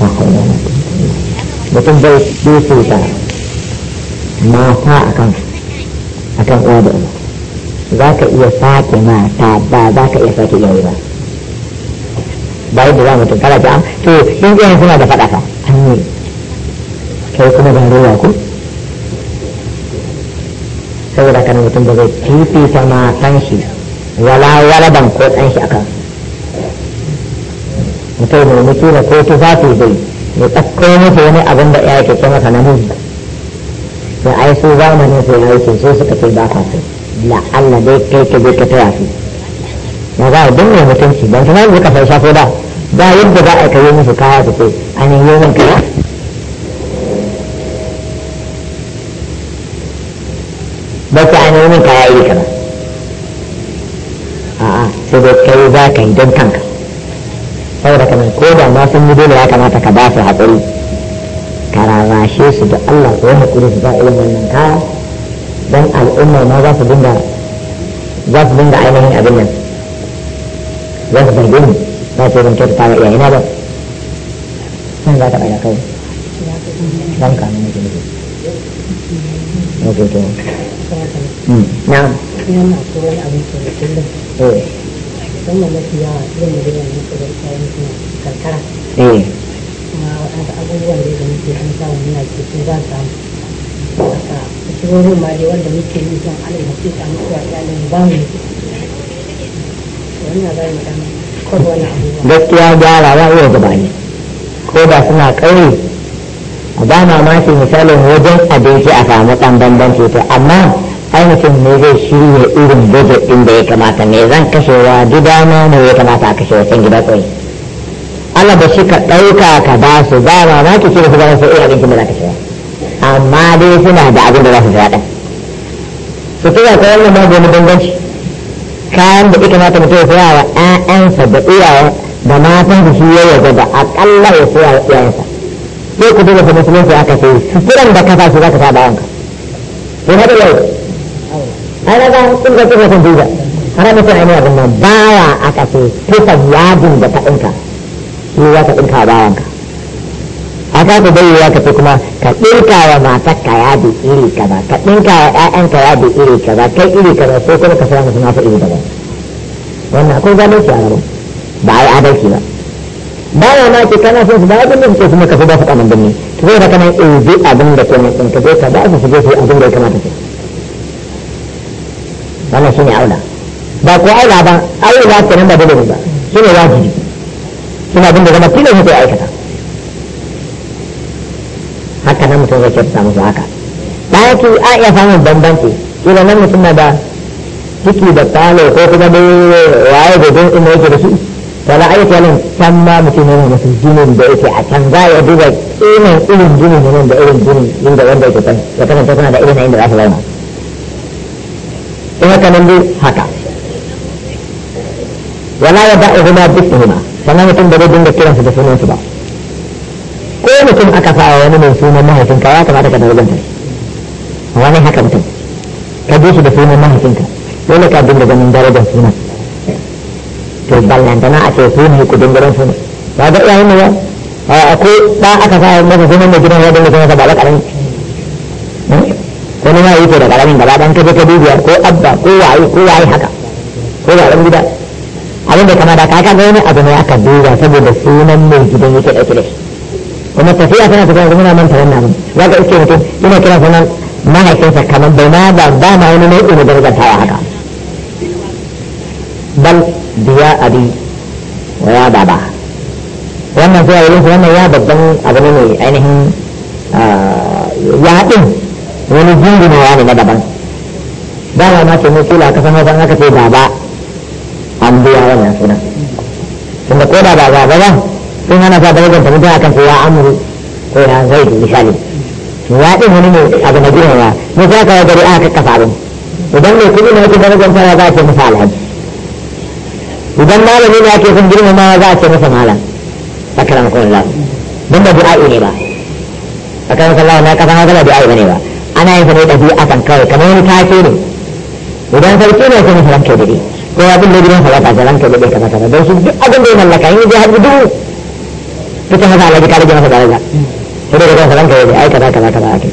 makonan mutum bai fifita mata a akan uwa iya sake mata ba iya sake ba za mutum kana jam to in da an yi kai kuma mutum ba zai matan shi wala ko ɗan akan mutum ne mu kila ko tufafi dai ya ɗauko masa wani abin da ya ke kama sananin da ai su zamanin su ya yi su suka ce ba ka su la Allah dai kai ka je ka taya su na za a dinga mutunci ban ta zai kafar shafo da ba yadda za a kai musu kaya su ce an yi min kaya ba ta an yi min kaya iri kaza a'a sai dai kai za ka yi don kanka saboda kana ko da ma sun yi dole ya kamata ka ba su haƙuri ka rarrashe su da Allah ko haƙuri su ba irin wannan kaya don al'umma ma za su dinga za su dinga ainihin abin nan za su zargi mu za su rinke ta tawa iyayena ba sun za ka ɗaga kai ban ka nuna ke nufi ok to hmm. na'am yana koyar musamman mafi yawa irin da yana musu da kayan suna karkara kuma abubuwan da su ba samu haka wanda muke gaskiya iya zuba ne ko ba suna a ba mamaki misalin wajen abinci a samu ɗan bambanci amma ainihin ne zai shirya irin budget ɗin da ya kamata me zan kashewa gida na ne ya kamata a kashewa can gida kawai Allah ba shi ka ɗauka ka ba su ba ma ma ki ce su ba su iya abincin da za ka shiga amma dai suna da abin da za su shiga ɗan su tura ka wannan babu wani bambanci kayan da ita mata mutum ya saya wa ƴaƴansa da iyawa da matan da shi ya yarda da aƙalla ya saya wa iyayensa sai ku dole su musulunci aka sai suturan da ka sa shi za ka sa bayanka. Sai haka yau ai ga sun ga cewa sun duba ana mutum ai ne abin nan bawa a kashe rufan yadin da ka ɗinka yi ya ka ɗinka bawanka a ka ku bayyana ka ce kuma ka ɗinka wa mata matarka yadi iri kaza ka ɗinka wa ƴaƴan ƴaƴanka yadi iri kaza kai iri kaza sai kuma ka saya musu nasu iri daban wannan akwai zalunci a gaba ba a yi adalci ba baya ma ce kana son su ba abin da suke kuma ka fi ba su kaman birni ki zai da kana in eh, abin da ke nan ka je ka ba su su je su abin da ya kamata ke. wannan shine aula ba ko aula ba aula nan ba dole ba shine wajibi shine abin da zama tilas ne aikata haka nan mutum zai kyautata musu haka ta yake a iya samun bambanci kila nan mutum na da ciki da talo ko kuma da waye gudun inda yake da shi wala aiki yalan can ma mutum yana da jinin da yake a can za ya duba irin irin jinin da irin jinin inda wanda yake kan ya kasance kana da irin da za su zauna haka nan dai haka wala ya da'i huma bisihima sannan mutum da zai dinga kiransu da sunansu ba ko mutum aka sa wani mai sunan mahaifinka ya kamata ka darajar ta wani haka mutum ka bi shi da sunan mahaifinka dole ka dinga ganin darajar sunan to ballantana a ce su ne kudin gidan sunan ba ga iyayen ne ba akwai ba aka sa masa sunan mai gidan ya dinga sunan ba ba karamin gaba dan kaje ka dubiya ko abba ko waye ko waye haka ko ba dan gida abin da kama da ka ga wani abu ne aka duba saboda sunan mai gidan yake da shi kuma tafiya tana tafiya kuma na manta wannan abin za ka iske mutum ina kira sunan mahaifinsa kamar bai ma ba ba ma wani nau'i daga darajantawa haka bal biya abi wa ya baba wannan zuwa wurin wannan ya babban abu ne ainihin ah, ya haɗin wani jingunawa ne na daban ba ma ma ce mun kila ka san hausa aka ce baba an biya wannan suna tunda ko da baba ba sun hana sa darajar ta mutane akan ce ya amuru ko ya zai da misali ya ɗin wani ne abu na girma ba mu sa ka gari aka kafa abin idan mai kuɗi ne yake darajar tana za a ce masa alhaji idan malami ne ake son girma ma za a ce masa malam sakaran kun lafi don da du'a'i ne ba sakaran kun lafi na kafa na zama du'a'i ba ne ba ana yin sa ne ɗabi'a kan kawai kamar wani take ne idan sarki ne sai musu ranke ko abin da gidan sa ba ta ranke dade kaza kaza don su duk abin da ya mallaka in ya har dubu duka haka alaji ka rage masa daraja sai da gidan sa ranke dade ai kaza kaza ake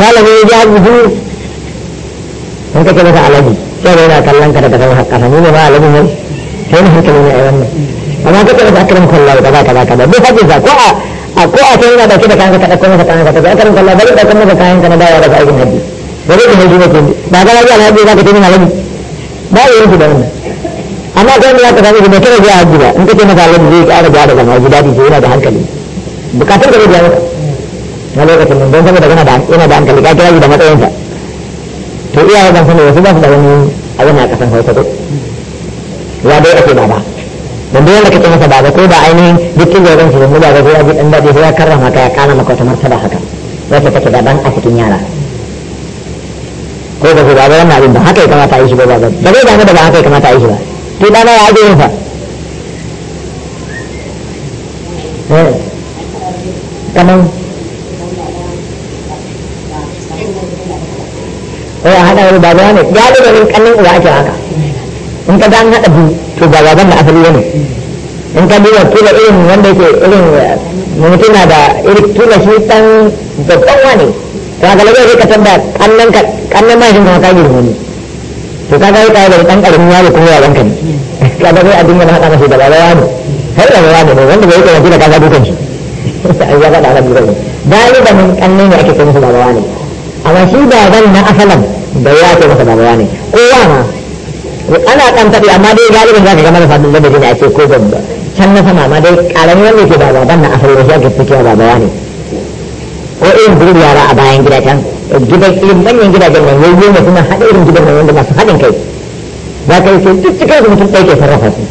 malami ya har dubu in kake masa alaji sai da yana kallon ka daga kan hakka ne ne ba alaji ne sai na hankali ne a wannan amma kake masa akram kullahu kaza kaza kaza duk hajjin ko a ko a sai yana dauke da kayan ka ta dauko masa kayan ka ta ga akram kullahu bari dauko masa kayan ka na dawo daga aikin hajji wani da hajji nake ne ba ga wajen alhaji za ka tafi malami ba ya yanki da wannan amma kai ne za ka samu mai kada zuwa hajji ba in a taimaka alhaji zai ƙara da zama hajji daɗi ke yana da hankali bukatun ka zai biya maka na lokacin nan don saboda yana da ina da hankali ka kira shi da matsayinsa to iyaye kan sani wasu ba su da wani a yana kasan hausa ko ya dai ake baba da duk wanda kake masa baba ko ba ainihin duk kin jaran shi da mu da ga ya ji dan dade sai ya karrama ka ya kana maka wata martaba haka wacce take daban a cikin yara ko ba su ga wannan abin ba haka ya kamata a yi shi ba ba zai damu da ba haka ya kamata a yi shi ba dana ya ake kaman ko a haɗa wani baba ne ya da ganin kallon uwa ake haka in ka haɗa to ba da asali ne in ka duba irin wanda yake irin da irin shi babban wani ka tambaya kallon ka kannan mashin kuma ka girma ne to ka ga ya da dan karamin yaro kuma ya ranka ne ka ga a dinga haka masa da rawa ne har da rawa ne wanda bai karanta da kaga dukan shi an ya faɗa rabu ne galiban kannan ne ake kai masa da rawa ne amma shi baban na asalan da ya ce masa da rawa ne kowa ma ana kan tafi amma dai galibin za ka ga marasa dubban da jini a ce ko babba can na sama amma dai karamin wanda ke da baban na asalin shi ake fitowa da rawa ne ko irin duk yara a bayan gida can gidan ilim manyan gidajen nan yayi ne suna haɗa irin gidan nan wanda masu haɗin kai za ka yi sai duk cikin su mutum ɗaya sarrafa su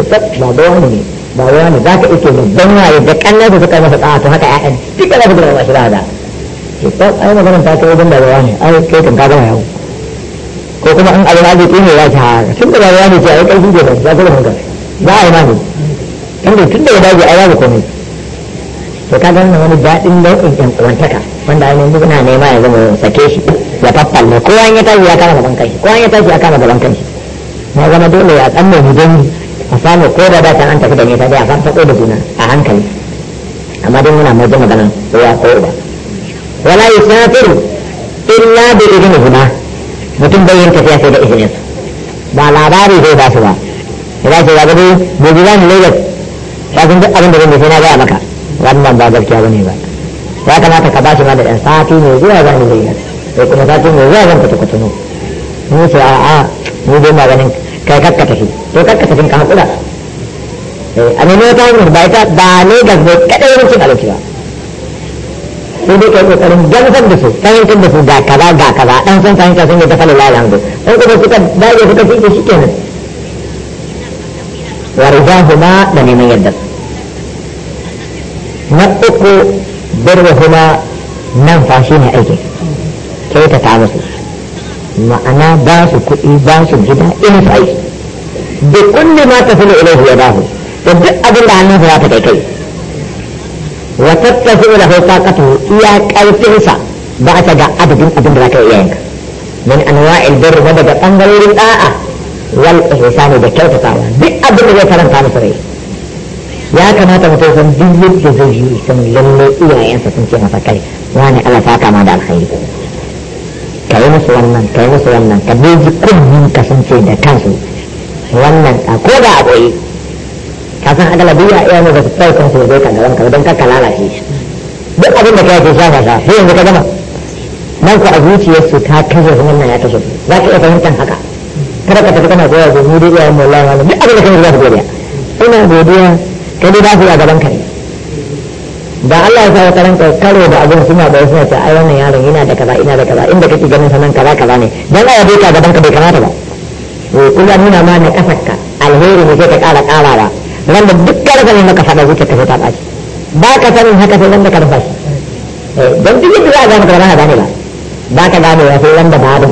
ke ta ba wani ne ba wani za ka ike babban waye da kallon da suka masa ɗawa to haka ya'yan duk za su gina masu da ke ta ai maganar ta kai wajen da wani ai kai kan ka yau ko kuma an abin arziki ne ya ci haka tun da ba wani ce ai ƙarfi ke ba za ka da hankali za a yi mani tun da ya dage ai za ka komai to ka ga wani daɗin nau'in ɗan uwantaka wanda ainihin duk na nema ya zama sake shi ya faffalle kowa ya tashi ya kama gaban kai ko kowa ya tashi ya kama gaban kai na zama dole ya tsamme mu don a samu ko da da can an tafi da nisa dai a san sako da juna a hankali amma dai muna mai magana ko ya ko ba wala yusafiru illa bi idnihima mutum bai yin tafiya sai da izinin ba labari zai ba su ba ya ce ba gado gobe za mu lagos ba sun duk abin da zan sai na gaya maka wannan ba gaskiya bane ba ya kamata ka bashi ma da ɗan sati mai zuwa zan yi sai kuma sati mai zuwa zan fita kwatano ni ce a'a ni dai maganin kai kakka tafi to kakka tafi ka haƙura a ne nemi wata hanyar ba ita ba ne ga zai kaɗai wani cin abinci ba sai dai kai kokarin gamsar da su fahimtar da su ga kaza ga kaza dan san fahimta sun yi ta falala alhamdu sai kuma suka dage suka fice shi kenan wa rijahu ma da neman yadda na uku birruhuma nan fa shi ne aiki ta musu ma'ana ba su kuɗi ba su gida in fai da kulli ma ta suna ilaihi ya bahu da duk abin da hannunsa ya ta kai kai wa tattafi da hausa katu iya ƙarfinsa ba ta ga adadin abin da za ka iya yanka min anwa'il birri daga ɓangarorin da'a wal ihsani da kyautatawa duk abin da zai faranta musu rai ya kamata mutum san duk yadda zai yi san lalle iyayensa sun ce masa kai wani Allah ta kama da alkhairi ka yi musu wannan ka yi musu wannan ka dai ji kullum ka sun ce da kansu wannan a ko da a ka san agalabiya iyayen da su kai kansu zai ka gaban ka don ka lalace shi duk abin da ka yi shafa sai yanzu ka gama nan ku a zuciyarsu ta kaje wannan ya kashe za ka iya fahimtar haka kada ka tafi kana goya zo mu dai iyayen mu Allah ne duk abin da ka yi ka godiya ina godiya kai dai ba su a gaban ka ne da Allah ya sa wata karanta karo da abin suna da suna ta ai wannan yaron yana da kaza ina da kaza inda kake ganin sanan kaza kaza ne dan Allah bai ka gaban ka bai kamata ba kuma nuna ma ne kafarka alheri ne sai ka kara kara ba ran da duk karfa ne maka fada wuce ka fita baki ba ka sanin haka sai ran da ka rufa shi eh, dan duk yadda za a gane ba ne ba ba ka gane ya sai ran da babu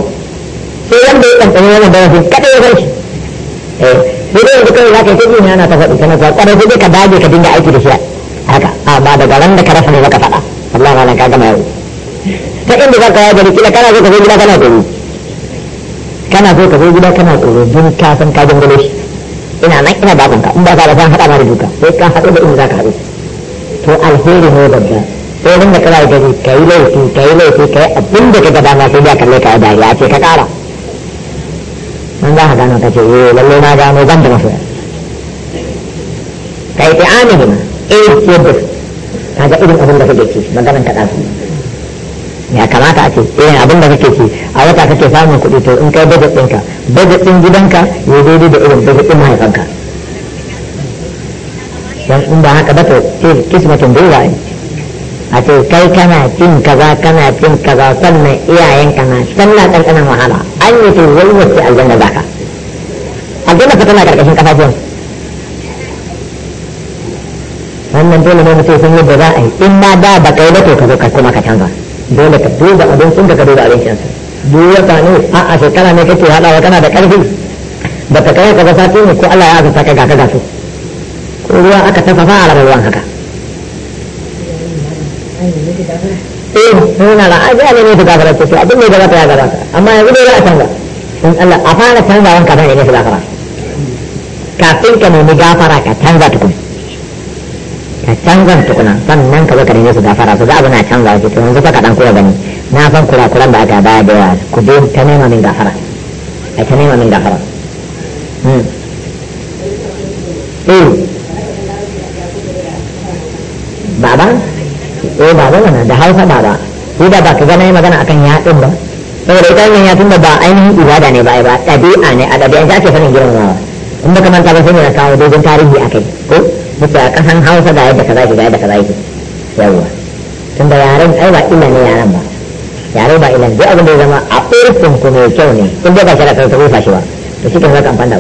sai ran da ya tantance wannan da ya kada ya shi eh, sai dai yanzu kawai zaka sai ina ta faɗi kana ta sai ka dage ka dinga aiki da shi haka a ba daga ran da ka rasa ne zaka faɗa Allah ma ka gama yau ta inda zaka kila kana so ka zo gida kana tsoro kana so ka zo gida kana tsoro don ka san ka ina nan ina ka in ba ka da san haɗa ma da duka sai ka haɗu da inda zaka haɗu to alheri ne babba sai rinda kana gani kai laifi kai laifi kai abin da ka gaba ma sai ya kalle ka da ya ce ka kara. an za a gano ta ce e lallai na gano ban da ka yi ta amini na eh yadda kaga irin abin da kake ci maganan ka ɗazu ya kamata a ce irin abin da kake ci a wata kake samun kuɗi to in kai budget ɗinka budget ɗin gidanka ya daidai da irin budget ɗin mahaifanka don in ba haka ba to kismatin bai ra'ayi a ce kai kana cin kaza kana cin kaza sannan iyayenka na sannan ɗanɗanon wahala an yi sai wai wace aljanna za ka aljanna fa tana karkashin kafafuwan wannan dole ne mutum sun yadda za a yi in ma da ba kai ba to ka zo ka kuma ka canza dole ka duba abincin da ka duba abincin su duk wata ne a a shekara ne kake haɗawa kana da ƙarfi ba ta kai ka ga sati ne ko Allah ya azurta ka ga ka gasu ko ruwa aka tafafa a ruwan haka Eh, eh, nuna a jiya ne ne su gafara ce su abin da ya gabata ya amma yanzu a canza in Allah a fara canzawan ka ne su gafara kafin ka nemi gafara ka canza tukun ka canza tukuna sannan ka zo ka nemi su gafara su ga abu na canza wace to yanzu fa dan kura gani na san kurakuran da aka baya da yawa ku dai ta nema min gafara a ta nema min gafara hmm. eh. an faɗa ba ko da ba ka magana akan yaɗin ba saboda ita wannan yaɗin da ba ainihin ibada ne ba ba ɗabi'a ne a ɗabi'ance fara sanin wa in ba kamanta ba sai ne na kawo dogon tarihi akai ko muke a ƙasan hausa da yadda ka ki ga yadda ka yake yawwa tun da yaren ai ba illa ne yaren ba yare ba illa duk abin da ya zama a urfin ku mai kyau ne in dai ba shara ka ta rufa shi ba to shi kan zaka amfani da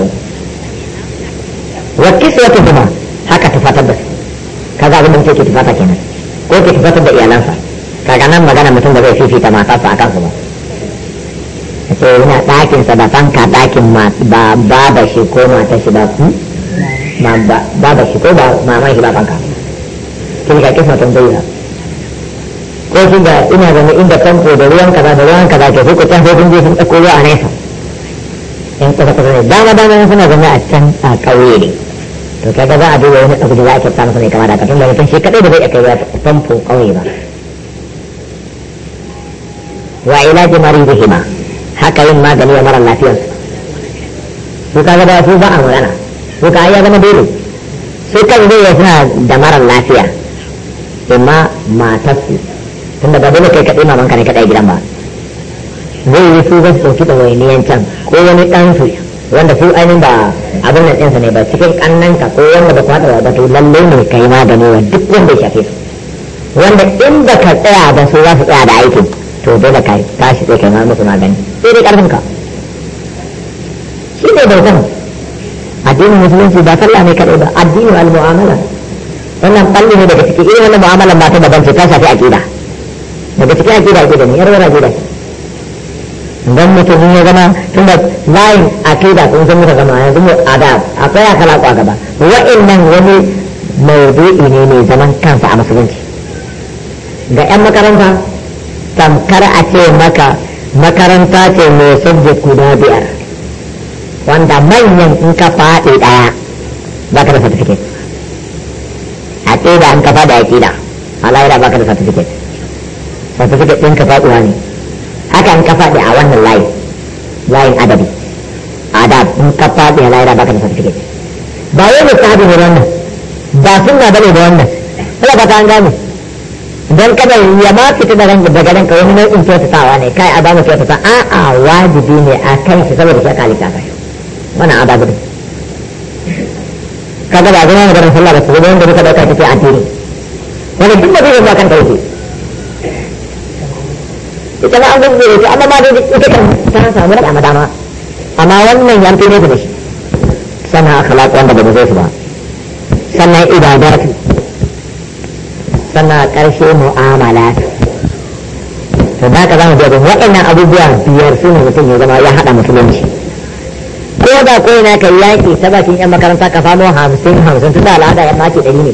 ku ya kiswatu kuma haka tufatar da su kaza abin da mutum ke tufata kenan ko ke tufatar da iyalansa a nan magana mutum zai fifita matarsa a kansu ba ce yana ɗakinsa da fanka ɗakin ba baba shi ko matar shi ba ku hmm? baba shi ko ba shi ba fanka kin ka kisa tun ko ina zama inda da ruwan kaza da ruwan kaza ke je sun ruwa a nesa in kusa kusa ne dama dama suna zama a can a ne to kaga za a duba wani abu da da ka tun da mutum shi da zai iya kai famfo ƙauye ba wa ilaji maridihima haka yin magani wa mara lafiyar su kaga da su ba a magana su ka ya zama dole su kan zai ya sa da mara lafiya imma matarsu tunda ba dole kai kaɗai mamanka ne kaɗai gidan ba zai yi su zai ɗauki ɗawainiyan can ko wani ɗansu wanda su ainihin ba abin nan ɗinsa ne ba cikin ƙannanka ko wanda ba ku haɗa ba to lallai ne ka yi magani wa duk wanda ya shafe su wanda in ba ka tsaya ba su za su tsaya da aikin to dole ka tashi sai kai ma musu magani sai dai karfin ka shi ne bautan addinin musulunci ba sallah ne kaɗai ba Addinin al mu'amala wannan balli ne daga ciki irin wannan mu'amalan ba ta daban ce ta shafi aqida daga ciki aqida aqida ne yar wara aqida dan mutum ya zama tunda layin aqida kun san muka zama yanzu mu adab akwai akalaku a gaba wa'annan wani maudu'i ne mai zaman kansa a musulunci ga 'yan makaranta tamkar a ce maka makaranta ce mai subject guda biyar wanda manyan in ka faɗi ɗaya ba ka da certificate a ƙida in ka faɗi a ƙila a ba ka da certificate certificate ɗin ka faɗuwa ne haka in ka faɗi a wannan layin layin adabi adab in ka faɗi a laira ba ka da certificate ba yau da sabi ne wannan ba sunna ne da wannan Allah ba ta an gane don kada ya ma fita da ranka daga ranka wani nau'in kyautatawa ne kai a bamu kyautata a'a wajibi ne a kan shi saboda shi aka halitta kai wannan adabu ne kaga ba zama maganar sallah ba kuma wanda muka dauka take addini wanda duk mutum ya zuwa kan tauhid ita ma an gudu da amma ma dai ita kan ta samu da dama dama amma wannan ya fi ne da shi sannan akhlaq wanda ba zai su ba sannan ibadatu tana ƙarshe mu'amala to da ka za mu biya waɗannan abubuwa biyar su ne mutum ya zama ya haɗa musulunci ko da ko yana ka yaƙi ta bakin yan makaranta ka samo hamsin hamsin tun da al'ada ya ɓaci ɗari ne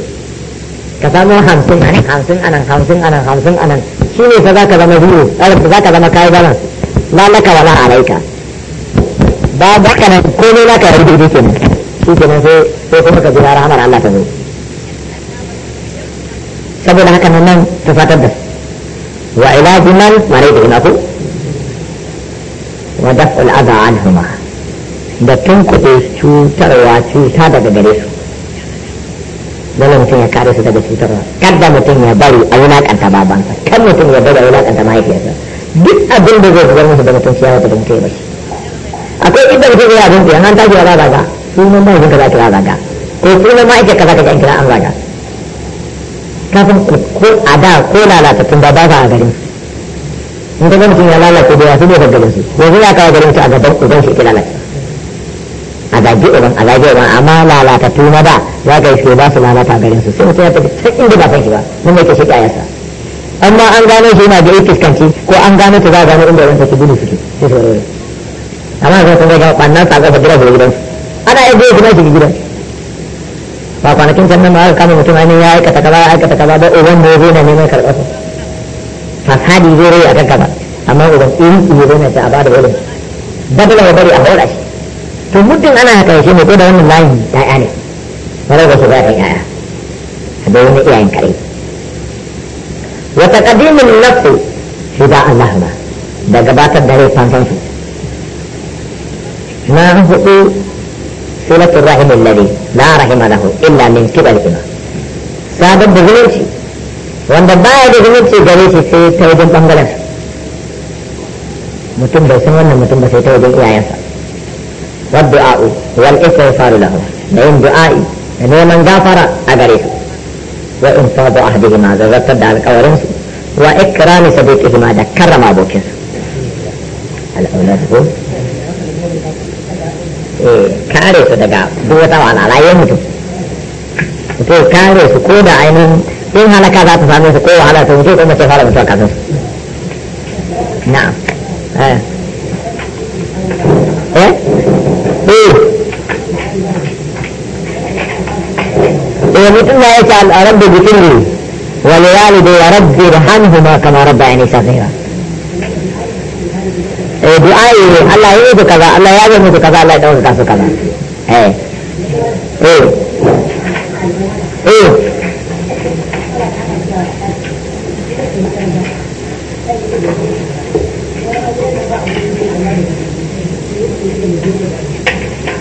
ka samo hamsin a nan hamsin a nan hamsin a nan hamsin a nan shi ne fa za ka zama zuru za ka zama kayi balance lalaka wala alaika ba ba ko komai za ka yi daidai kenan shi kenan sai sai kuma ka jira rahamar Allah ta zo saboda haka nan nan tufatar da wa ilaji man marai da inaku wa daf'ul adha anhuma da kuɗe cutarwa cuta daga gare su dole mutum ya kare su daga cutarwa kada mutum ya bari a wulaƙanta babansa kan mutum ya bari a wulaƙanta mahaifiyarsa duk abin da zai zubar musu da mutum ciyawa da mutum ya bashi akwai inda mutum zai abin da an tashi ya zaga sunan mahaifin ka za ki zaga ko sunan ma'aikata ka za ka ji an kira an zaga kafin ko a da ko lalata tun ba ba a garin in ka mutum ya lalata da yasu nufar garin su yanzu ya kawo garin su a gaban uban shi ke lalata a zage uban a zage uban amma lalata na ma ba ya yi su ba su lalata garin su sai mutum ya tafi can inda ba san shi ba mun mai kashe kayansa amma an gano shi yana da ya fuskanci ko an gano ta za a gano inda wanda su gudu suke sai su warware amma zai sun gaga ɓannan sa a ƙafa gidan su gidan ana iya zai gina shi gidan ba kwanakin can nan ba aka kama mutum ainihin ya aikata kaza ya aikata kaza ba uban ne zai na neman karɓar su fasadi zai rai a kanka ba amma uban in iya zai na ta a bada ilimi badala ya bari a haura shi to muddin ana haka shi ne ko da wannan layin ya'ya ne marar da su za ta ya'ya a da wani iyayen kare wata kadimin nafsu shi ba Allah ba da gabatar da rai fansan su na hudu suratul rahimin ladin la rahima lahu illa min kibal kima sabon da zumunci wanda baya da zumunci gare shi sai ta wajen bangaren mutum bai san wannan mutum ba sai ta wajen iyayensa والدعاء والاستغفار له لين دعائي لين من غفر da وإنفاض أهدهما ذكر دعال قورنس وإكرام صديقهما da karrama بوكس الأولاد Eh, kare su daga wata wala ya mutu mutum ya kare su ko da ainihin in halaka za ta same su ko wahala ta mutum ko mace fara mutuwa kafin su na'am eh eh, eh. eh mutum ya da al rabbi eh du'a'i ne Allah ya yi kaza Allah ya yi musu kaza Allah ya dauka kasu kaza eh eh eh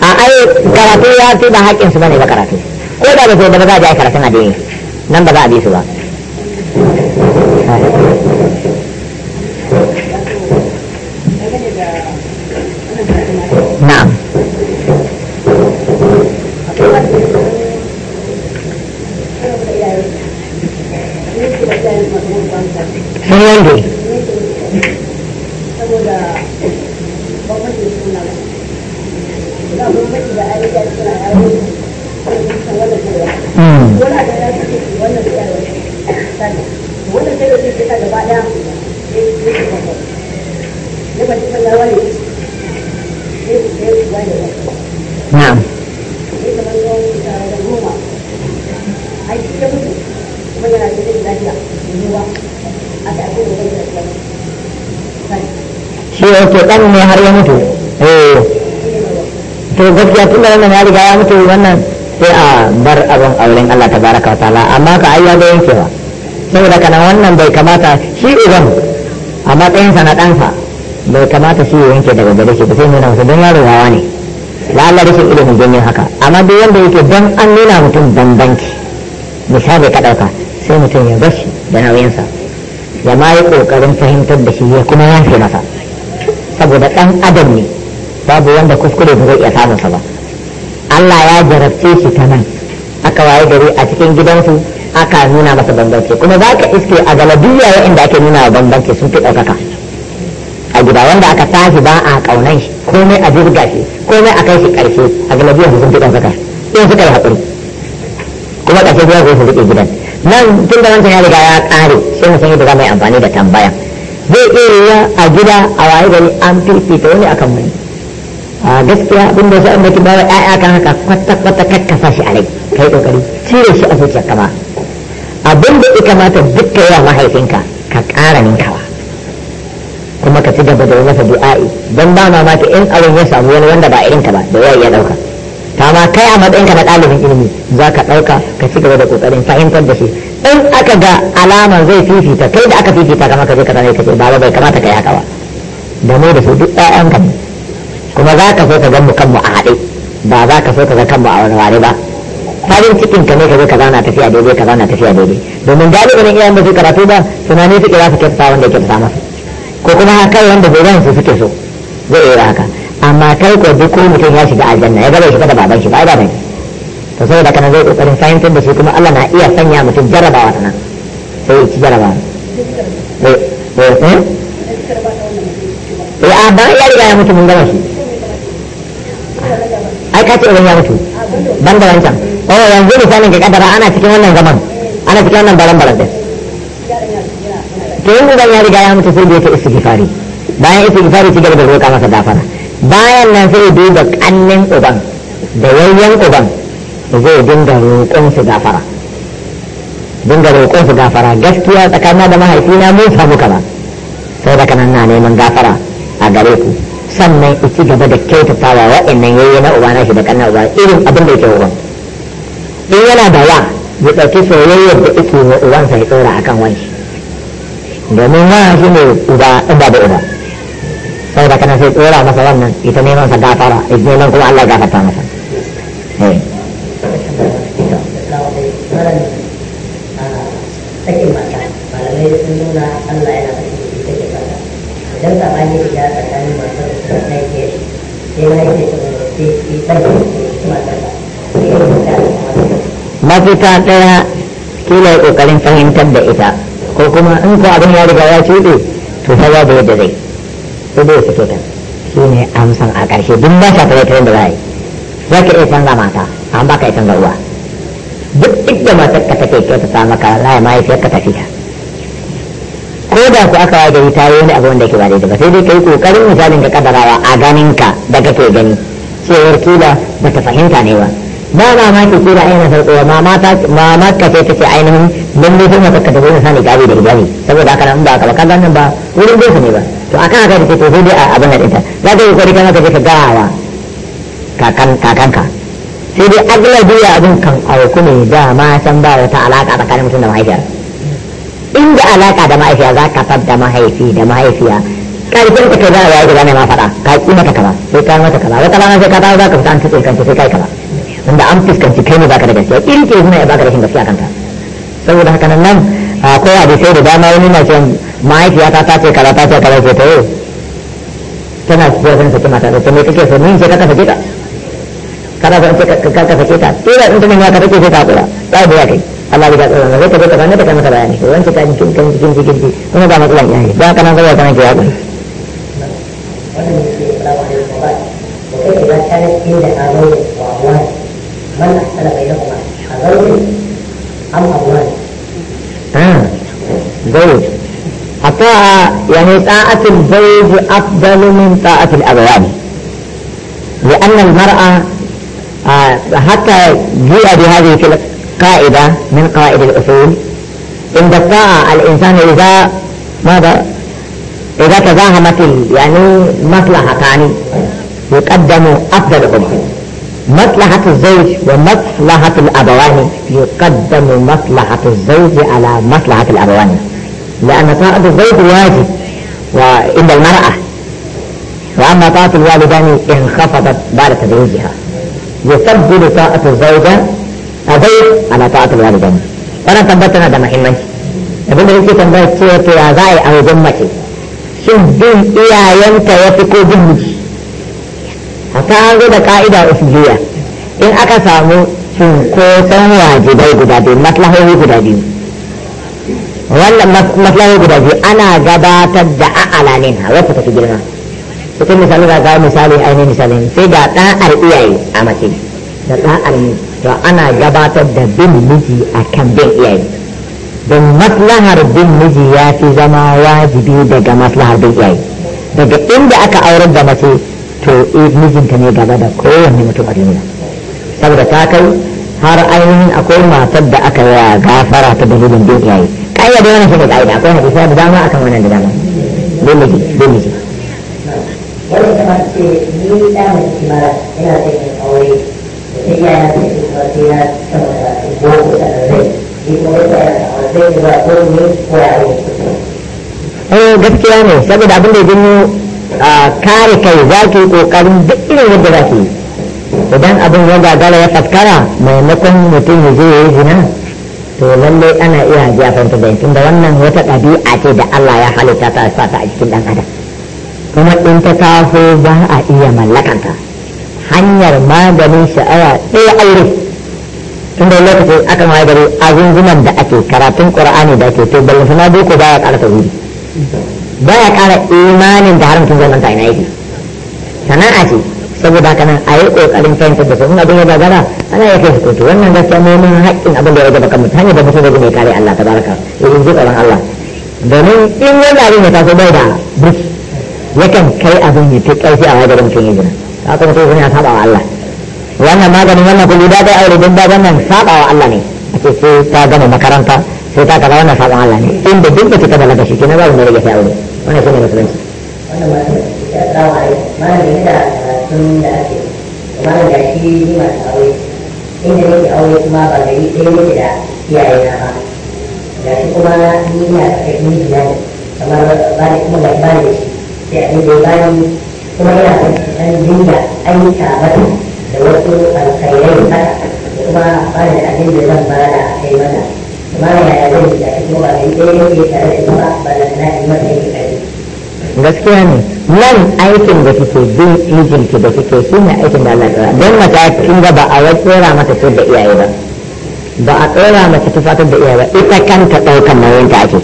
a ai karatu ya fi ba haƙƙinsu ba ne ba karatu ko da ba ba za a ji na addini nan ba za a bi su ba yake dan ne har ya mutu eh. to gaskiya tun da wannan ya riga ya mutu wannan sai a bar abin auren Allah ta baraka wa ta'ala amma ka ayya da yankewa saboda kana wannan bai kamata shi uban a matsayinsa na ɗansa bai kamata shi yanke daga gare shi ba sai nuna masa don yaro wawa ne la'allar rashin ilimin janyo haka amma duk wanda yake don an nuna mutum bambanci misali ka ɗauka sai mutum ya bashi da nauyinsa ya ma yi ƙoƙarin fahimtar da shi ya kuma yanke masa saboda ɗan adam ne babu wanda kuskure ba zai iya samun ba Allah ya jarabce shi ta nan aka waye gari a cikin gidansu aka nuna masa bambanci kuma za ka iske a galabiya da ake nuna wa bambanci sun fi ɗaukaka a gida wanda aka tashi ba a ƙaunan shi komai a jirga shi komai a kai shi ƙarshe a galabiya sun fi ɗaukaka in suka yi haƙuri kuma ƙarshe biya su riƙe gidan nan tun da wancan ya riga ya ƙare sai mu san yadda za mu yi amfani da tambaya zai iya ruwa a gida a waye gari an fifita wani akan mai a gaskiya abin da an baki bawa ƴaƴa kan haka kwata kwata kakkafa shi a rai kai kokari cire shi a zuciya kama abin da ya kamata dukkan yawa mahaifinka ka ƙara ninkawa kuma ka ci gaba da yi masa du'a'i don ba mamaki in abin ya samu wani wanda ba irinka ba da yawa ya ɗauka kama kai a matsayinka na ɗalibin ilimi za ka ɗauka ka ci gaba da ƙoƙarin fahimtar da shi in aka ga alama zai fifita kai da aka fifita kama ka je ka zane ka ce baba bai kamata ka yaka ba da mu da su duk ɗayan ka kuma za ka so ka gan mu kanmu a haɗe ba za ka so ka ga kanmu a wani ware ba farin cikin ka ne ka je ka zauna tafiya daidai ka zauna tafiya daidai domin galibin iyayen da su karatu ba tunani suke za su kyautata wanda ya kyautata masa ko kuma kai wanda bai ransu suke so zai yi haka amma kai ko duk mutum ya shiga aljanna ya gaba shiga da baban shi ba baban shi to saboda kana zai kokarin fahimtar da shi kuma Allah na iya sanya mutum jarabawa ta nan sai ya ci jarabawa eh? eh a ba ya riga ya mutu mun gama shi ai ka ce idan ya mutu ban da wancan oh yanzu misalin ka kadara ana cikin wannan zaman ana cikin wannan baran baran din to yanzu dan ya riga ya mutu sai da yake istighfari bayan istighfari ci gaba da roƙa masa dafara bayan nan sai duba kannin uban da yayyan uban zai dinga roƙon su gafara dinga roƙon su gafara gaskiya tsakanin da mahaifina mun samu kaza sai da kanan na neman gafara a gare ku sannan ci gaba da kyautatawa waɗannan yayi na uba shi da kanna uba irin abin da yake uban in yana da wa ya ɗauki soyayyar da yake wa ubansa ya tsora akan wani domin wa shi ne uba in ba da uba sai da kanan sai tsora masa wannan ita neman sa gafara ita neman kuma Allah gafarta masa eh. mafita ɗaya kila ya ƙoƙarin fahimtar da ita ko kuma in ko abin ya riga ya cuɗe to fa babu yadda zai sai dai ya fito ta shi ne amsan a ƙarshe duk ba sa tare da za yi za ka iya canza mata amma ba ka iya canza uwa duk inda matar ka take kyautata maka laya mahaifiyar ka tafi ta ko da ku aka waje ta yi wani abu wanda ke ba daidai ba sai dai kai kokarin misalin ka kadarawa a ganin ka da kake gani cewar kila bata fahimta ne ba ba ma ma ke kira ainihin tsowa ma mata ma ma ka ce take ainihin dan ne kuma ka tafi sani gabi da ibrahim saboda haka nan ba ka ba kaga nan ba wurin gofa ne ba to akan haka da take sai dai a abin nan ita za ka yi kokari kana ka je ka gawa kakan kakanka sai dai aglabiya abin kan auku ne da ma san ba wata alaka tsakanin mutum da mahaifiya inda alaka da mahaifiya za ka fab da mahaifi da mahaifiya karfin ka kai za a yaji gane ma faɗa ka ƙi mata kaza sai ka mata kaza wata rana sai ka dawo za ka fita an tutse kanka sai kai kaza inda an fuskanci kai ne baka da gaskiya kiri kiri kuma ya baka rashin gaskiya kanta saboda haka nan nan akwai hadisai da dama wani na ce mahaifiyata ta ce karata ta ce kaza ce ta yau tana kuwa zan saki mata da ta me kake so ni ce ka kafa kita kada zan ce ka kafa kita tura in tunan ya ka take sai ka kura ba da ya kai Allah ya tsara na zai ka zo ka bani da kai maka bayani wancan kan kin kin kin kin kuma ba matsalan yayi ba kana zai ka nan ke ya kuri الزوج الطاعة يعني طاعة الزوج أفضل من طاعة الأبوان لأن المرأة آه، حتى جاء بهذه القاعدة من قائد الأصول إن الطاعة الإنسان إذا ماذا إذا تزاحمت يعني مصلحتان يقدم أفضلهما مصلحة الزوج ومصلحة الأبوان يقدم مصلحة الزوج على مصلحة الأبوان لأن طاعة الزوج واجب وعند المرأة وأما طاعة الوالدان انخفضت بعد تزويجها يسجل طاعة الزوجة أضيف على طاعة الوالدين فأنا تبتنا ده مهمة أبدا يسي تنبه سورة أعزائي أو جمك شن دين إيا ينك يفكو جمك حتى أنظر قائدة أفجية إن أكسامو شن كوسن واجبا يجدادين مثله يجدادين wannan maslahi guda biyu ana gabatar da a alalin na wata tafi girma cikin misali ga gawa misali ainihin misali sai da ɗa'ar iyaye a mace da ɗa'ar ne to ana gabatar da bin miji a kan bin iyaye don maslahar bin miji ya fi zama wajibi daga maslahar bin iyaye daga inda aka auren da mace to eh, mijinta ne gaba da kowanne mutum a duniya saboda ta kai har ainihin akwai matar da aka yi gafara ta dalilin bin iyaye ai yadda wani shi ne ka'ida da dama akan wannan da dama dole ji dole wani ce ni yana aure da ta na saboda boko da zai ni yana ne ko ya yi eh gaskiya ne saboda abin da ya gano kare kai za ki yi kokarin duk irin yadda za ki yi idan abin ya gagara ya fatkara maimakon mutum ya je ya yi zina to lallai ana iya jafanta da tunda wannan wata ɗabi'a ce da Allah ya halitta ta sa ta a cikin ɗan adam kuma in ta kafo ba a iya mallakanta hanyar maganin sha'awa ɗaya aure tunda lokacin aka ma gari zunzunan da ake karatun qur'ani da ake to ballon sana boko baya ƙara ba baya ƙara imanin da haramcin zaman ta ina yake sana'a ce saboda haka nan a yi ƙoƙarin fahimtar da su in abin ya gagara ana yake to wannan gaskiya neman haƙƙin abin da ya gaba kan hanyar da mutum da mai kare Allah ta baraka irin ji tsoron Allah domin in wani abin ya taso bai da duk yakan kai abin ya fi ƙarfi a wajen mutum ya gina haka mutum yana saba wa Allah wannan maganin wannan kuma da kai aure din da wannan saba wa Allah ne a ce sai ta gama makaranta sai ta kaga wannan saba Allah ne inda duk da kika balaga shi kina ba mu rage sai aure wannan shine musulunci ya tsawa ai malam game a karatun da ake malam da shi ni aure inda nake aure kuma ba gari ɗaya nake da ba da kuma ni ina da kai miji na ne kamar ba ni kuma ba ni da sai a ɗaya bani kuma ina son ɗan dinga aika mata da wasu alkhairai haka da kuma ba ni da abin da zan fara da kai mata yaya zan yi da shi kuma ba gari ɗaya nake tare da ita ba ba da sana'a mata yake kai gaskiya ne nan aikin da kike bin mijinki da kike su ne aikin da alaƙa ya don mace kin ga ba a wai tsora mata ce da iyaye ba ba a tsora mata fatar da iyaye ba ita kanta ɗaukan nauyin ta ake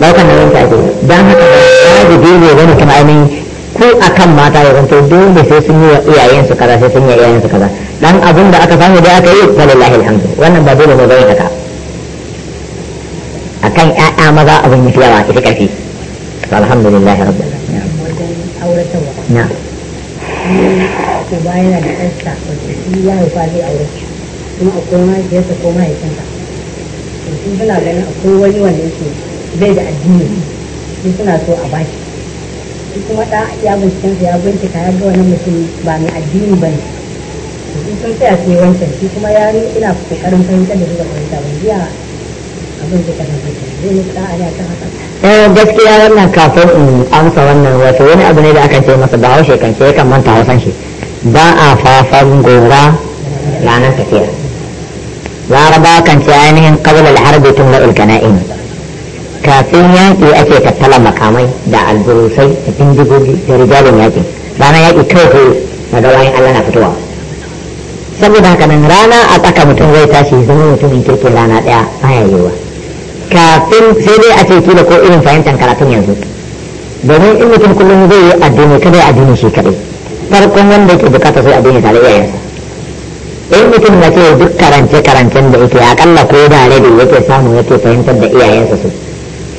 ɗaukan nauyin ta ake don haka ba da dole wani kuma ainihin ko akan mata ya zanto dole sai sun yi wa iyayensu kaza sai sun yi iyayensu kaza dan abin da aka samu da aka yi walillahi alhamdu wannan ba dole ne ba ya haka akan ƴaƴa maza abin yafi yawa ita karfi الحمد لله رب العالمين نعم uba yana da ɗansa wacce shi ya haifa zai aure shi kuma akwai mahaifiyarsa ko mahaifinsa to sun suna ganin akwai wani wanda yake bai da addini sun suna so a baki shi kuma da ya bincikensa ya bincika ya ga wani mutum ba mai addini ba ne sun tsaya sai wancan shi kuma ya ina kokarin fahimtar da su da fahimta ba eh gaskiya wannan kafin in amsa wannan wato wani abu ne da aka ce masa bahaushe kan ce kan manta hausan shi ba a fafan gora ranar tafiya laraba kan ce ainihin kabilar harbi tun la'ul gana'in kafin yaƙi ake tattala makamai da alburusai da bindigogi da rijalin yaƙi ranar yaƙi kawai na gawayin allah na fitowa saboda haka nan rana a tsaka mutum zai tashi zama mutumin kirkin rana ɗaya baya yiwuwa kafin sai dai a ce kila ko irin fahimtar karatun yanzu domin in mutum kullum zai yi addini kada ya addini shi kadai farkon wanda yake bukata sai addini tare iyayensa in mutum na ce duk karance karancen da yake akalla ko da rabi yake samu yake fahimtar da iyayensa su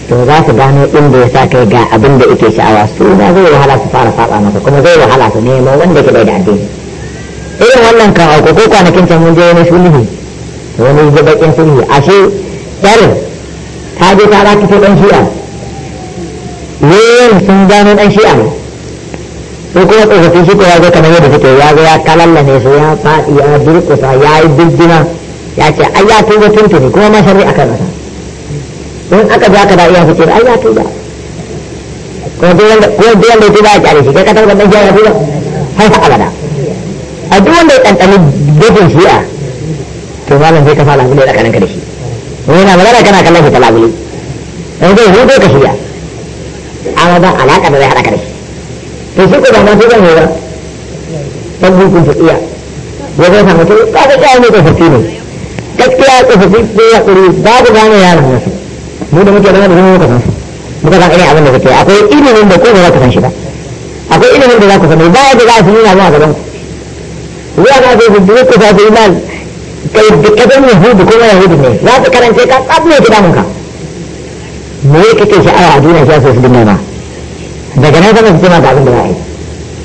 to za su gano inda ya sa kai ga abin da yake sha'awa su na zai wahala su fara saba masa kuma zai wahala su nemo wanda ke bai da addini irin wannan kan ko kwanakin can mun je wani sulhu wani bakin sulhu ashe yarin ta je ta ɗaki ta ɗan shi'a wayoyin sun gano ɗan shi'a ne sai kuma tsofaffi shi ko ya zo kamar yadda suke ya zo ya kalalla ne su ya faɗi ya durƙusa ya yi birgina ya ce ai ya tuba tuntuni kuma ma shari'a aka nasa in aka za ka da iya fice ai ya tuba ko duk wanda ya tuba ya kyale shi kai ka tabbatar da ya tuba har fa abada a duk wanda ya ɗanɗani gudun shi'a to malam sai ka fara gudu da kananka da shi yana magana kana kallon shi ta labule in zai hudo ka shiya amma ba alaƙa da zai haɗa ka da shi to shi ko ba ma sai zan yi ba hukun ta iya ya zai samu ta ba ta iya ne tsofaffi ne gaskiya tsofaffi ne ya ƙuri babu gane yaran wasu mu da muke zama da zama muka san su muka san irin abin da suke akwai ilimin da ko ba za ka san shi ba akwai ilimin da za ku sani ba yadda za su nuna ma gaban ku zuwa na sai su duk ku sa su iman kai duk idan yahudu kuma yahudu ne za su karance ka tsab ne gida ka me ya kake sha'awa a duniya shi su dinne ma daga nan zama su ce ma abin da za a yi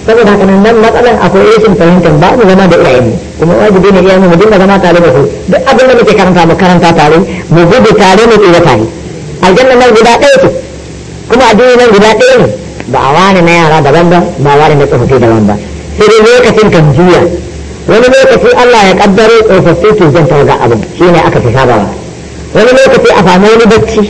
saboda haka nan nan matsalan akwai rashin fahimtar ba mu zama da iyayenmu kuma wajibi ne iyayenmu mu dinga zama tare da su duk abin da muke karanta mu karanta tare mu gudu tare mu tsira tare aljanna nan guda ɗaya ce kuma addini nan guda ɗaya ne ba a wani na yara daban ba ba a wani na tsofaffi daban ba sai dai lokacin kan juya wani lokaci Allah ya kaddare tsofaffi su zanta ga abu shi ne aka fi sabawa wani lokaci a samu wani bacci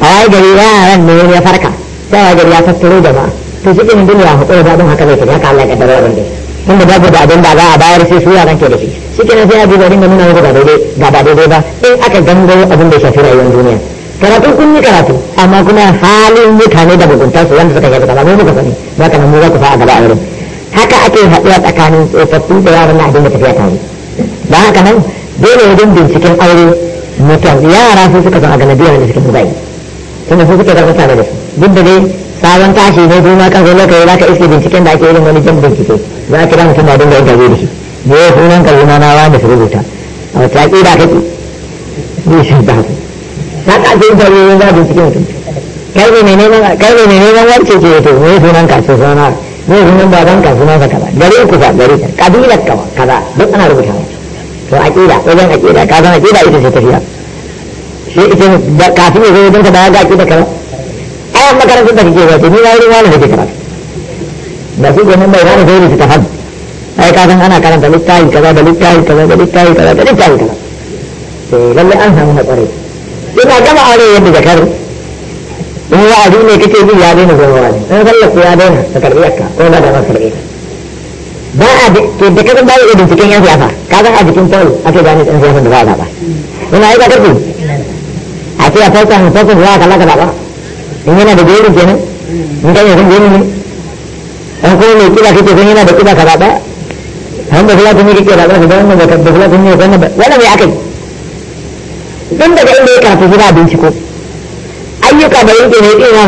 a waye gari yaran ne wani ya farka sai waye gari ya tattaro jama'a to shi ɗin duniya hukuri da abin haka zai tafi haka Allah ya kaddare abin dai tunda babu da abin da za a bayar sai su yaran ke da shi shi ke nan sai a duba dinga nuna muku ga ga ba daidai ba in aka gango abin da ya shafi rayuwar duniya karatu kun yi karatu amma kuma halin mutane da mugunta su wanda suka shafi kama mu muka sani ba nan mu za ku sa a gaba a wurin haka ake haɗuwa tsakanin tsofaffi da yaran na dinga tafiya tare ba haka nan dole wajen binciken aure mutum yara sun suka san a gana biyar da suke dubai tunda sun suke karɓar tare da su duk da dai sabon tashi ne su ma kansu lokaci za ka iske binciken da ake irin wani jan bincike za ka kira mutum na dinga yin gabe da shi ne ya sunan kalmuna na wani su rubuta a wata yaƙi da kake ne shi ba su ta ka ake yin gabe yin gabe binciken mutum kai ne neman wance ke yato ne sunan ka su sunan ne sunan baban ka sunan sa kaza gare ku fa gare ka kabilar ka kaza duk ana rubuta to aqida wajen aqida ka san aqida ita ce tafiya shi ita da kafin ya zo don ka dawo ga aqida kaza ai amma karanta da kike wato ni wani wani da kike karanta da su gonin bai wani zai rubuta fa ai ka san ana karanta littafi kaza da littafi kaza da littafi kaza da littafi kaza to lalle an samu hatsari ina gama aure yadda zakar in wa'azi ne kake ji ya daina zama wa'azi in sallar ya daina ka karbi yakka ko ba da ma karbi ba a ke da kasan bayi da binciken yan siyasa ka san a jikin tawul ake gane yan siyasa da ba a zaɓa ina yi ka karfi a ce a farkon farkon za a kalla ka zaɓa in yana da jerin kenan in kan yakan jerin ne an kuma mai kiba kake san yana da kiba ka zaɓa an da filatun ne kake zaɓa ka zama da filatun ne wannan ba wannan mai aka yi tun daga inda ya karatu suna binciko shekara arba'in ke ne ya tsina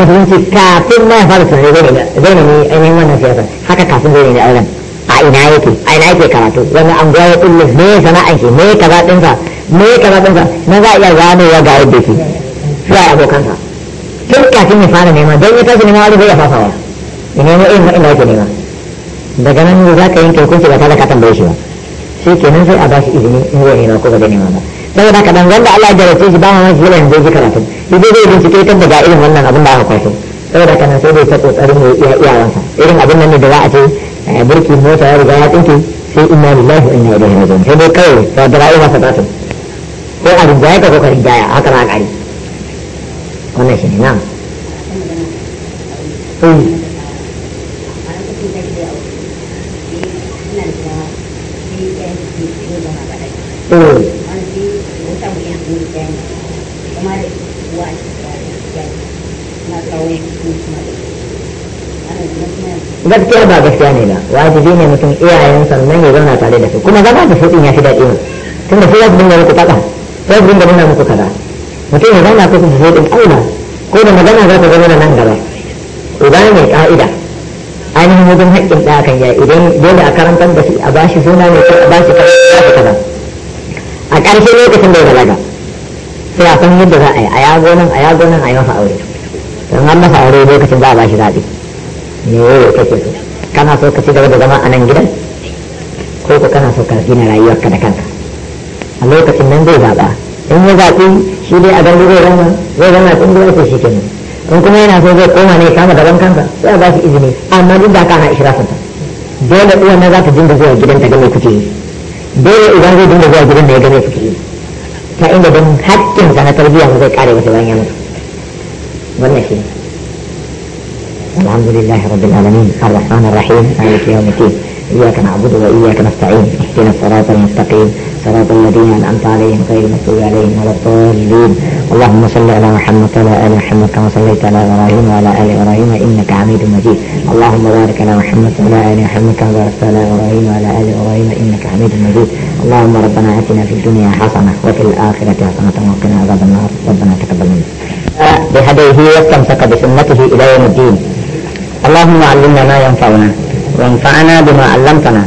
musulunci kafin ma fara sunani zai ne zai ne ainihin wannan siyasa haka kafin zai ne auren a ina yake a ina yake karatu wani anguwa ya kulle me sana'an shi me kaza dinsa me kaza dinsa na za a iya ganowa ga yadda ke yake sai abokansa tun kafin ya fara nema don ya tashi nema wani zai ya wa ya nemo irin inda yake nema daga nan ne za ka yanke hukunci ba ta da ka tambaye shi ba shi kenan sai a ba shi izini in zai nema ko ba zai nema ba saboda haka dan wanda Allah ya jarace shi ba mu shi yana yanzu karatu shi zai zai bincike kan da irin wannan abin da aka kwaso saboda haka nan sai dai ta kokarin ya iya iyawansa irin abin nan ne da za a ce eh, burki mota ya riga ya tsinke sai inna lillahi wa inna ilaihi raji'un sai dai kawai ta da ra'ayi masa tatu ko a rinjaya ka ko ka rinjaya haka za a kare wannan shi ne na'am Oh. na gaskiya ba gaskiya ne ba wajibi ne mutum iyayen sannan ya zauna tare da su kuma zama da su ya fi daɗi ne tun da su ya dinga muku faɗa sai su dinga muku kaza mutum ya zauna kusa su ɗin aula ko da magana za ta zama da nan gaba uba mai ka'ida ainihin wajen haƙƙin ɗaya kan ya idan dole a karantar da shi a bashi suna ne a bashi kaza a ƙarshe lokacin da ya balaga sai a san yadda za a yi a ya nan a ya nan a yi masa aure don an masa aure lokacin ba a bashi daɗi me yau kake so kana so ka ci gaba da zama a nan gidan ko ko kana so ka gina rayuwarka da kanka a lokacin nan zai zaɓa in ya zaɓi shi dai a gandu zai zama zai zama tun da yake shi kenan in kuma yana so zai koma ne kama daban kanka sai a ba shi izini amma duk da kana ishirafinta dole uwan na za ta dinga zuwa gidan ta gane kuke yi dole idan zai dinga zuwa gidan da ya gane kuke yi ta inda don haƙƙin sa na tarbiyya ba zai kare masa bayan ya mutu wannan shi alhamdulillah rabbil alamin ar-rahman ar-rahim إياك نعبد وإياك نستعين اهدنا الصراط المستقيم صراط الذين أنعمت عليهم غير المغضوب عليهم ولا الضالين اللهم صل على محمد وعلى آل محمد كما صليت على إبراهيم وعلى آل إبراهيم إنك حميد مجيد اللهم بارك على محمد وعلى آل محمد كما باركت على إبراهيم وعلى آل إبراهيم إنك حميد مجيد اللهم ربنا آتنا في الدنيا حسنة وفي الآخرة حسنة وقنا عذاب النار ربنا تقبل منا بهديه واستمسك بسنته إلى يوم الدين اللهم علمنا ما ينفعنا وانفعنا بما علمتنا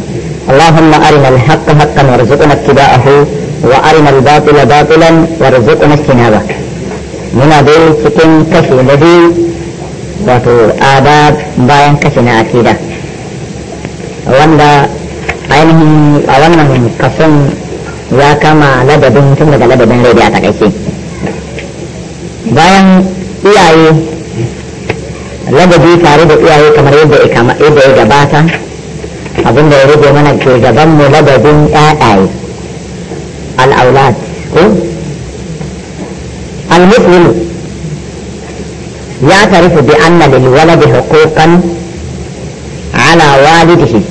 اللهم أرنا الحق حقا وارزقنا اتباعه وأرنا الباطل باطلا وارزقنا اجتنابه muna dai cikin kashi na biyu wato adab bayan kashi na akida wanda a wannan kason ya kama ladabin tun daga ladabin rai a takaice bayan iyaye lagabi tare da iyaye kamar yadda ya gabata abinda ya rage mana ke gaban mu ladabin ƴaƴaye al'aulat ko al-muslim ya tarifu bi anna lil waladi huquqan ala walidihi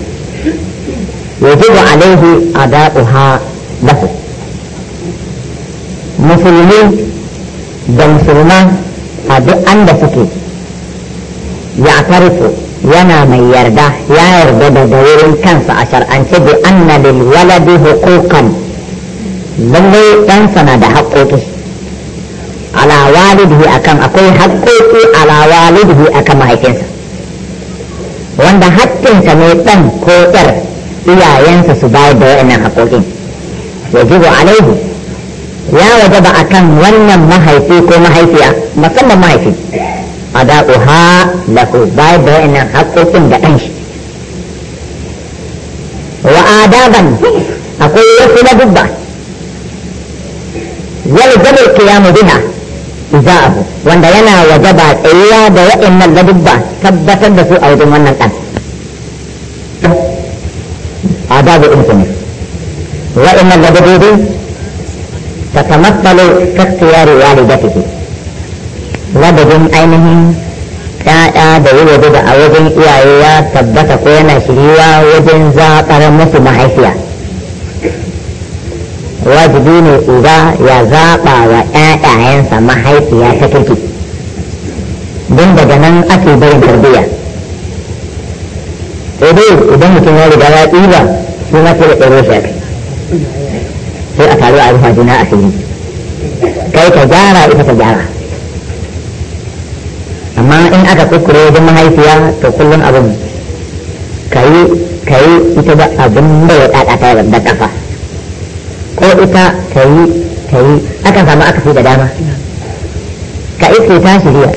يجب عليه أداؤها له musulmi da musulma a duk an ya tarfu yana mai yarda ya yarda da wurin kansa a shar'ance bi anna lil waladi huquqan lalle dan sana da haƙoƙi ala walidihi akan akwai haƙoƙi ala walidihi akan mahaifinsa wanda haƙƙinsa ne ɗan ko ƴar iyayensa su bayar da waɗannan haƙoƙin yajibu alaihi ya a kan wannan mahaifi ko mahaifiya musamman mahaifi ada'uha lahu bayar da wa'annan haƙoƙin da ɗan shi wa adaban akwai wasu na dubba wal jabal qiyamu biha iza'ahu wanda yana wajaba tsayuwa da wa'annan na tabbatar da su a wajen wannan ɗan adabu تتمثل في والدته madadin ainihin ya'ya da yi da a wajen iyaye ya tabbata ko yana shiriwa wajen zaɓar musu mahaifiya wajibi ne uba ya zaɓa wa ƴaƴayensa mahaifiya ta kirki don daga nan ake barin tarbiyya sai dai idan mutum ya riga ya ɗiba su na sai ɗaro tsoro shi sai a taru a rufa juna a fili kai ka gyara ita ta gyara amma in aka kuskure wajen mahaifiya to kullum abin kayi kayi ita da abin da ya kakata da kafa ko ita kayi kayi akan samu aka fi da dama ka iske ta shirya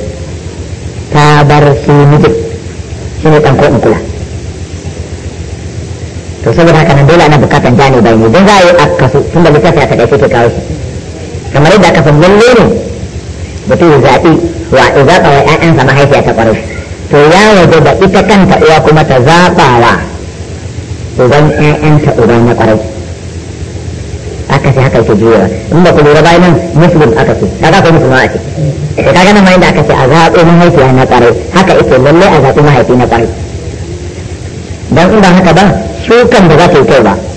ta bar shi mijin shi ne ɗan ko in kula to saboda haka nan dole ana bukatan jani bai ne don za a yi a kasu tun da littafi aka ɗauke ke kawo shi kamar yadda aka san lalle ne mutum ya zaɓi wa zaɓa wa ƴaƴansa mahaifiya ta ƙwarai to ya waje da ita kanta uwa kuma ta zaɓa wa uban ƴaƴanta uba na ƙwarai aka ce haka ke juyewa in ba ku lura bayan nan muslim aka ce kaga ko musulma a ce to kaga nan ma inda aka ce a zaɓe mahaifiya na ƙwarai haka yake lalle a zaɓi mahaifi na ƙwarai dan in ba haka ba shukan ba za ta yi kyau ba